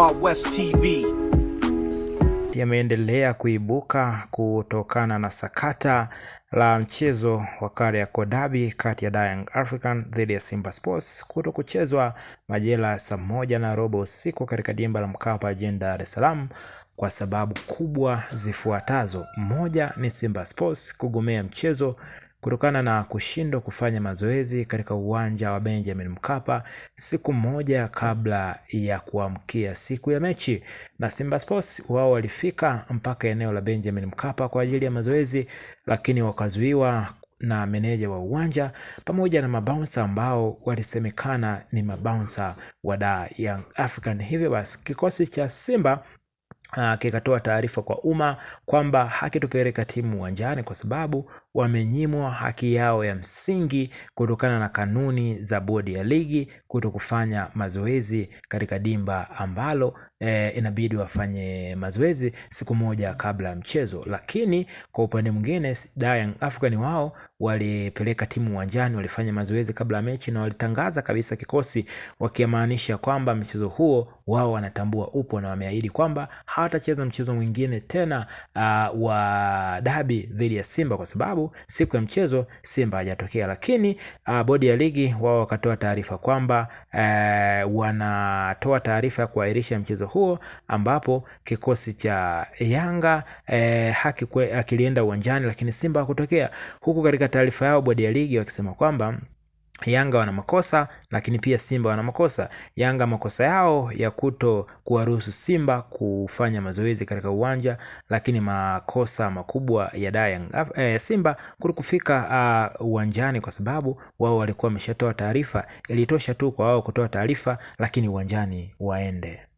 Wild West TV yameendelea kuibuka kutokana na sakata la mchezo wa Kariakoo Derby kati ya Young African dhidi ya Simba Sports kuto kuchezwa majira ya saa moja na robo usiku katika dimba la Mkapa jijini Dar es Salaam kwa sababu kubwa zifuatazo. Moja ni Simba Sports kugomea mchezo kutokana na kushindwa kufanya mazoezi katika uwanja wa Benjamin Mkapa siku moja kabla ya kuamkia siku ya mechi. Na Simba Sports wao walifika mpaka eneo la Benjamin Mkapa kwa ajili ya mazoezi, lakini wakazuiwa na meneja wa uwanja pamoja na mabaunsa ambao walisemekana ni mabaunsa wa Da Young African. Hivyo basi kikosi cha Simba Uh, kikatoa taarifa kwa umma kwamba hakitopeleka timu uwanjani kwa sababu wamenyimwa haki yao ya msingi kutokana na kanuni za bodi ya ligi kuto kufanya mazoezi katika dimba ambalo e, inabidi wafanye mazoezi siku moja kabla ya mchezo. Lakini kwa upande mwingine Young African wao walipeleka timu uwanjani, walifanya mazoezi kabla ya mechi na walitangaza kabisa kikosi, wakimaanisha kwamba mchezo huo wao wanatambua upo na wameahidi kwamba hawatacheza mchezo mwingine tena uh, wa dabi dhidi ya Simba kwa sababu siku ya mchezo Simba hajatokea. Lakini uh, bodi ya ligi wao wakatoa taarifa kwamba e, wanatoa taarifa ya kuahirisha mchezo huo ambapo kikosi cha Yanga e, hakilienda uwanjani, lakini Simba hakutokea, huku katika taarifa yao bodi ya ligi wakisema kwamba Yanga wana makosa lakini pia Simba wana makosa. Yanga makosa yao ya kuto kuwaruhusu Simba kufanya mazoezi katika uwanja, lakini makosa makubwa ya daya eh, ya Simba kuli kufika uh, uwanjani, kwa sababu wao walikuwa wameshatoa taarifa. Ilitosha tu kwa wao kutoa taarifa, lakini uwanjani waende.